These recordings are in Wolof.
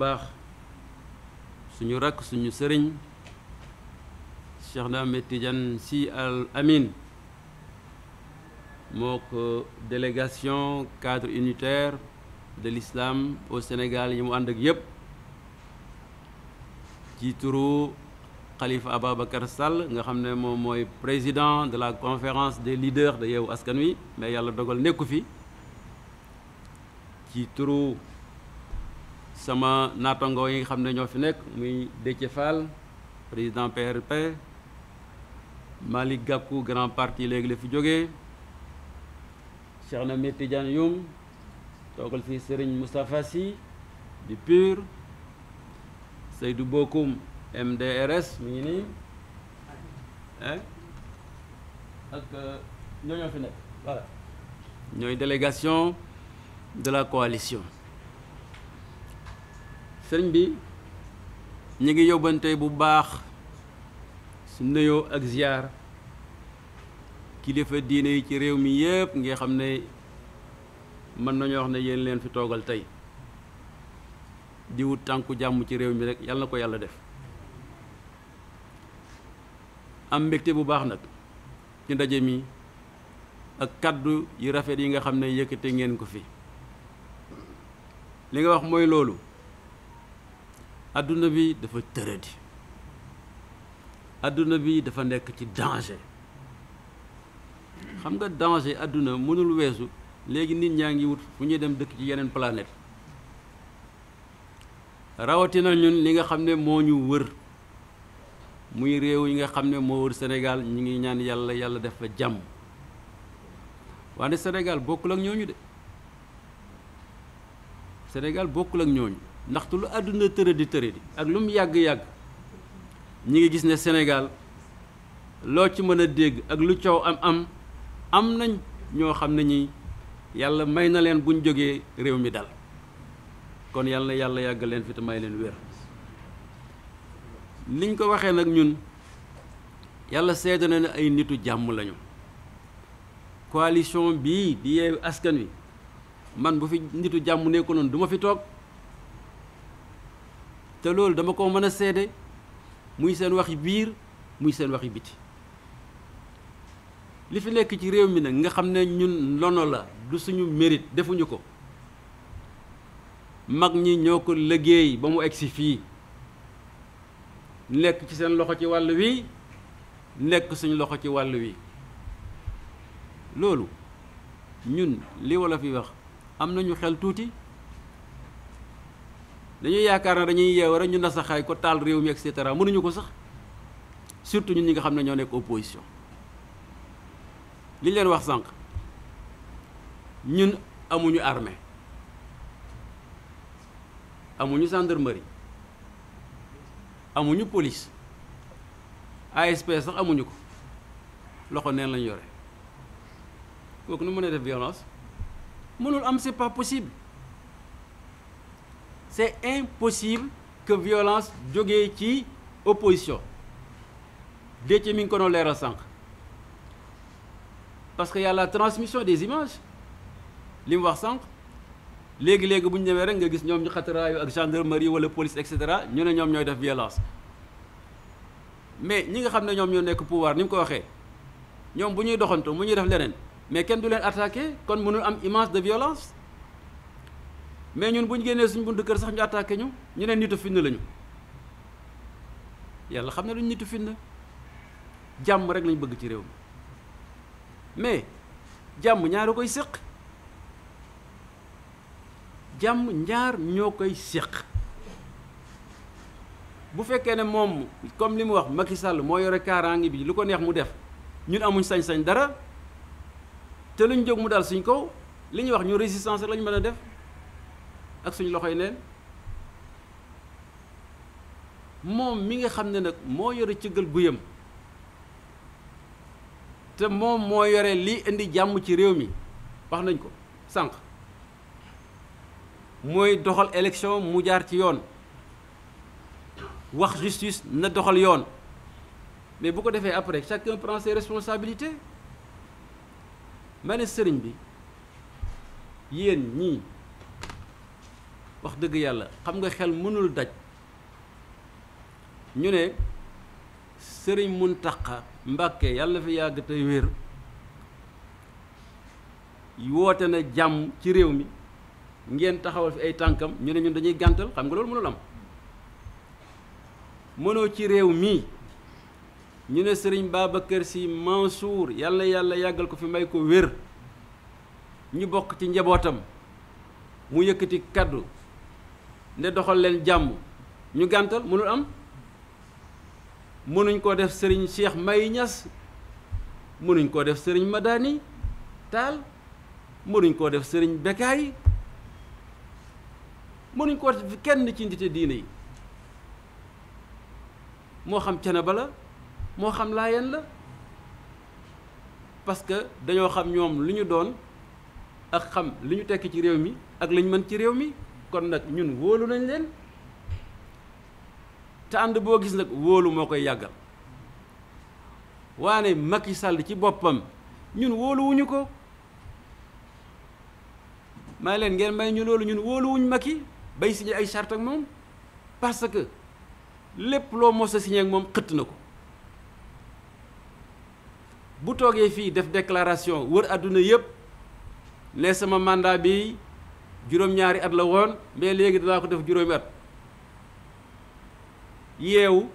baax suñu rakk suñu sëriñ Cheikh na Ahmed Tidiane Sy Al Amine moo ko délégation cadre unitaire de l'islam au Sénégal yi mu ànd ak yépp ci turu Khalifa Ababacar Sall nga xam ne moom mooy président de la conférence des leaders de Yewwi Askan Wi mais yàlla dogal nekku fi ci turu sama naatangoo yi nga xam ne ñoo fi nekk muy Déthié Fall président PRP Malick Gakou grand parti léegi la fi jóge Cheikhna na Tidiane Youm toogal fii Serigne Moustapha Sy du PUR Seydou Bokoum MDRS mu ngi nii ak euh, ñoo ñoo fi nekk ñooy délégation de la coalition sëriñ bi ñu ngi yóbbante bu baax su nuyoo ak ziar kilifa diine yi ci réew mi yépp nga xam ne mën nañu wax ne yéen leen fi toogal tey di tànku jàmm ci réew mi rek yàlla na ko yàlla def am mbégte bu baax nag ci ndaje mi ak kàddu yu rafet yi nga xam ne yëkkate ngeen ko fi li nga wax mooy loolu adduna bi dafa tëradi adduna bi dafa nekk ci danger xam nga danger àdduna mënul weesu léegi nit ñaa ngi wut fu ñuy dem dëkk ci yeneen planète rawatina ñun li nga xam ne moo ñu wër muy réew yi nga xam ne moo wër senegal ñu ngi ñaan yàlla yàlla def fa jàmm wante Sénégal bokkul ak ñooñu de Sénégal bokkul ak ñooñu. ndaxte lu àdduna tëradi tëradi ak lu mu yàgg-yàgg ñi ngi gis ne senegal loo ci mën a dégg ak lu coow am am am nañ ñoo xam ne ñi yàlla may na leen buñ jógee réew mi dal kon yàlla na yàlla yàgg leen fi te may leen wér liñ ko waxee nag ñun yàlla seede na ne ay nitu jàmm lañu coalition bii di yeewu askan wi man bu fi nitu jàmm nekkoon du ma fi toog te loolu dama ko mën a seede muy seen waxi biir muy seen waxi biti li fi nekk ci réew mi nag nga xam ne ñun ndono la du suñu mérite defuñu ko mag ñi ñoo ko liggéey ba mu egsi fii nekk ci seen loxo ci wàll wi nekk suñu loxo ci wàll wi loolu ñun li wala fi wax am nañu xel tuuti dañuy yaakaar na dañuy yeew rek ñu nasaxaay ko taal réew mi et mënuñu ko sax surtout ñun ñi nga xam ne ñoo nekk opposition li leen wax sànq ñun amuñu armée amuñu gendarmerie amuñu police ASP sax amuñu ko loxo neen lañu yore kooku nu mu mënee def violence mënul am c'est pas possible c'est impossible que violence jógee ci opposition décc mi ngi ko leeral sànq parce que y a la transmission des images li mu wax sanq léegi-léegi bu ñu demee rek nga gis ñoom ñu xataraayu ak gendarmerie wala police et cetera ñu ne ñoom ñooy def violence mais ñi nga xam ne ñoom ñoo nekk pouvoir ni mu ko waxee ñoom bu ñuy doxantu mu ñuy def leneen mais kenn du leen attaqué kon mënul am image de violence mais ñun bu ñu génnee suñu buntu kër sax ñu attaqué ñu ñu ne nitu fitna lañu yàlla xam ne duñ nitu fitna jàmm rek lañ bëgg ci réew mi mais jàmm ñaar koy séq jàmm ñaar ñoo koy séq bu fekkee ne moom comme li mu wax Macky sàll moo yore kaaraange bi lu ko neex mu def ñun amuñ sañ-sañ dara te luñ jóg mu dal suñ kow li ñuy wax ñu résistance rek lañ mën a def. ak suñu loxoy neen moom mi nga xam ne nag moo yore cëggal guyam te moom moo yore lii indi jàmm ci réew mi wax nañ ko sànq mooy doxal élection mu jaar ci yoon wax justice na doxal yoon mais bu ko defee après chacun prend ses responsabilités sëriñ bi yéen ñii wax dëgg yàlla xam nga xel mënul daj ñu ne sëriñ Muntaxa Mbàkke yàlla fi yàgg te wér woote na jàmm ci réew mi ngeen taxawal fi ay tànkam ñu ne ñun dañuy gàntal xam nga loolu mënul am mënoo ci réew mii ñu ne sëriñ kër Si Mansour yàlla yàlla yàggal ko fi may ko wér ñu bokk ci njabootam mu yëkkati kàddu nde doxal leen jàmm ñu gàntal mënul am mënuñ koo def sëriñ Cheikh May Ñas mënuñ koo def sëriñ madaani Taal mënuñ koo def sëriñ Bekaay mënuñ koo def kenn ci ndite diine yi moo xam Ceneba la moo xam Laayeen la parce que dañoo xam ñoom lu ñu doon ak xam li ñu tekki ci réew mi ak lañ mën ci réew mi kon nag ñun wóolu nañ leen te ànd boo gis nag wóolu moo koy yàggal waane Macky sàll ci boppam ñun wóoluwuñu ko may leen ngeen may ñu loolu ñun wóoluwuñ Macky bay signé ay charte ak moom parce que lépp loo mos a ak moom xëtt na ko bu toogee fii def déclaration wër àdduna yépp ne sama màndaa bi juróom-ñaari at la woon mais léegi danaa ko def juróomi at yeewu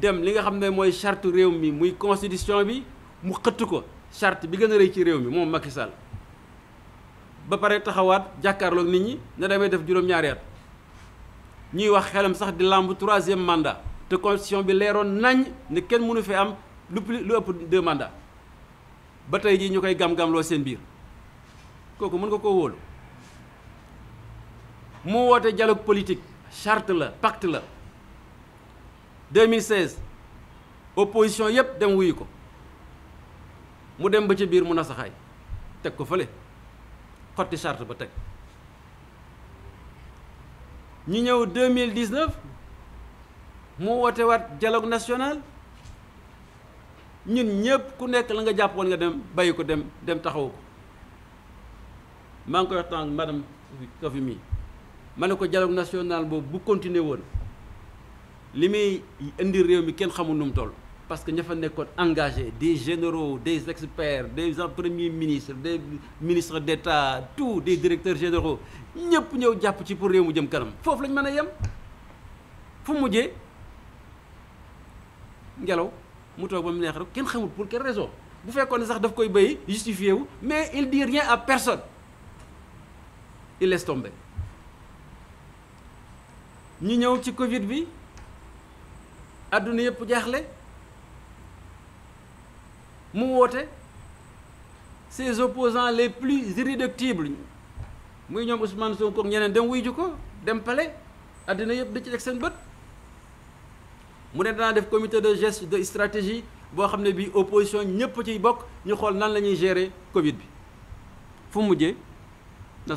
dem li nga xam ne mooy charte réew mi muy constitution bi mu xëtt ko charte bi gën a rëy ci réew mi moom Macky Sall ba pare taxawaat jàkkaarloog nit ñi ne damay def juróom-ñaari at ñuy wax xelam sax di làmb troisième mandat te constitution bi leeroon nañ ne kenn mënu fi am lu plus lu ëpp deux mandats ba tey jii ñu koy gam-gamloo seen biir kooku mën nga koo wóolu. mu woote dialogue politique charte la pacte la 2016 opposition yépp dem wuyu ko mu dem ba ci biir mu nasaxaay teg ko fële xotti charte ba teg ñu ñëw 2019 mu woote waat dialogue national ñun ñëpp ku nekk la nga jàpp nga dem bàyyi ko dem dem taxawu ko maa ngi koy wax tànk madame mii ma ne ko dialogue national boobu bu continuer woon li muy indi réew mi kenn xamul nu mu toll parce que ña fa nekkoon engagé des généraux des experts des premiers ministre des ministres d'État tous des directeurs généraux ñëpp ñëw jàpp ci pour réew mu jëm kanam foofu lañ mën a yem fu mujjee ngelaw mu toog ba mu neex rek kenn xamul pour quelle raison bu fekkoon ne sax daf koy béy justifié wu mais il dit rien à personne il laisse tomber ñu ñëw ci Covid bi àdduna yëpp jaaxle mu woote ses opposants les plus irréductibles muy ñoom Ousmane Sonko ñeneen dem wuy ji ko dem pale àdduna yëpp da ci teg seen bët mu ne danaa def comité de geste de stratégie boo xam ne bii opposition ñëpp ciy bokk ñu xool nan la ñuy gérer Covid bi fu mu mujjee na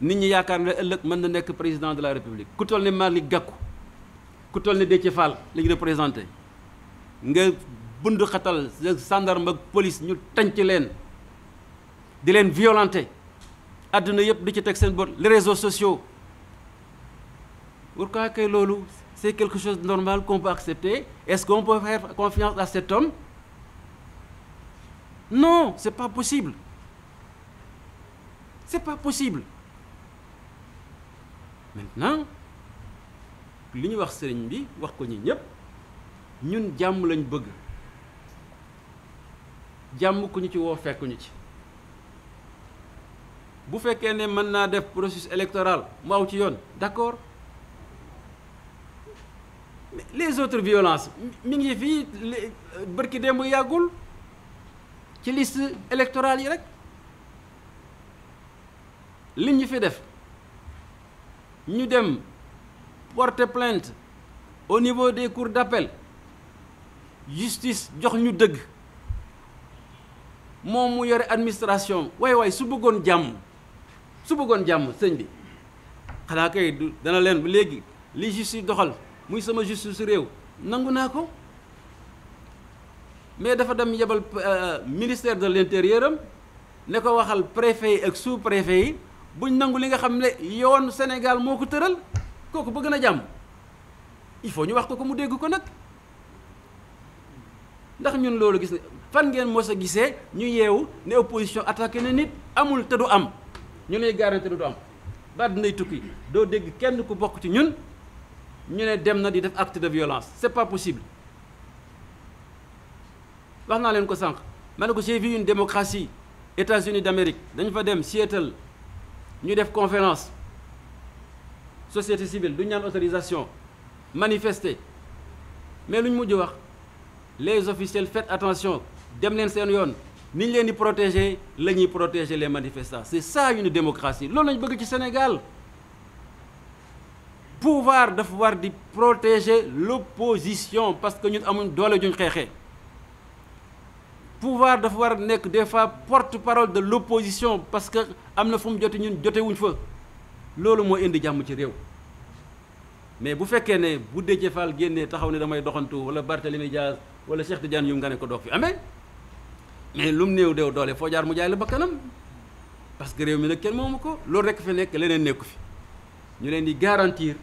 nit ñi yaakaar ne ëllëg mën na nekk président de la république ku toll ne Malick Gakou ku toll ne Déthié Fall la ñu représenté nga bund xatal gendarme ak police ñu tànc leen di leen violenté àdduna yëpp di ci teg seen bot les réseaux sociaux pourquoi kay loolu c'est quelque chose de normal qu'on peut est-ce qu'on peut pas possible c'est pas possible maintenant li ñu wax sëriñ bi wax ko ñi ñëpp ñun jàmm lañ bëgg jàmm ku ñu ci woo fekk ñu ci bu fekkee ne mën naa def processus électoral mu aw ci yoon d'accord les autres violences mi ngi fii bërki démb yàggul ci liste électorale yi rek li ñu fi def ñu dem porter plainte au niveau des cours d'appel justice jox ñu dëgg moom mu yore administration waay waay su bëggoon jàmm su bëggoon jàmm sëñ bi xanaa kay du dana leen bu léegi li justice doxal muy sama justice réew nangu naa ko mais dafa dem yebal euh, ministère de l'intérieur am ne ko waxal préfet yi ak sous-préfet yi buñ nangu li nga xam ne yoon Sénégal moo ko tëral kooku bëgg na jàmm il faut ñu wax ko ko mu dégg ko nag ndax ñun loolu gis ne fan ngeen mos a gisee ñu yeewu ne opposition attaqué na nit amul te du am ñu lay garanti du am ba nay tukki doo dégg kenn ku bokk ci ñun ñu ne dem na di def acte de violence c'est pas possible wax naa leen ko sànq ma ne ko j'ai vu une démocratie États-Unis d'Amérique dañu fa dem Seattle ñu def conférence société civile du ñaan autorisation manifester mais lu ñu mujj wax les officiels faites attention dem leen seen yoon ni leen di protéger la ñuy protéger les manifestants c'est ça une démocratie loolu lañu bëgg ci Sénégal pouvoir dafa war di protéger l'opposition parce que ñun amuñ doole juñ xeexee pouvoir dafa war a nekk des fois porte parole de l'opposition parce que am na fu mu jote ñun jotewuñ fa loolu moo indi jàmm ci réew mais bu fekkee ne bu Déthié Fall génnee taxaw ne damay doxantu wala Barthélémy Dias wala Cheikh Tidiane Youm nga ne ko doog fi amee mais lu mu néew deew doole foo jaar mu jaay la bakkanam parce que réew mi nag kenn ma ko loolu rekk fi nekk leneen nekku fi ñu leen di garantir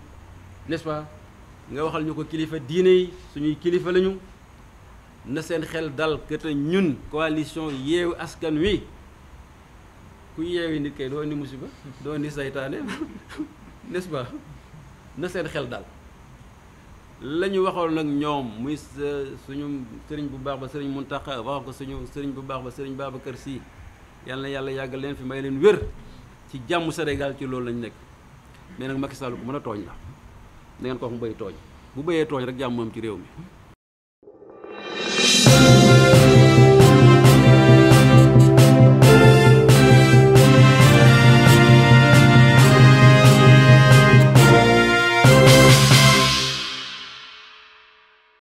nest nga waxal ñu ko kilifa diine yi suñuy kilifa lañu. na seen xel dal que te ñun coalition yeewu askan wi ku yeewi nit kay doo ni musiba doo ni seytaane n'est-ce pas na seen xel dal lañu waxoon nag ñoom muy suñu sëriñ bu baax ba sëriñ Muntaxa wax ko suñu sëriñ bu baax ba sëriñ Babacar Sy yal na yàlla yàgg leen fi may leen wér ci jàmm senegal ci loolu lañ nekk mais nag Macky Sall ku mën a tooñ la da ngeen ko wax bay tooñ bu bayee tooñ rek jàmm moom ci réew mi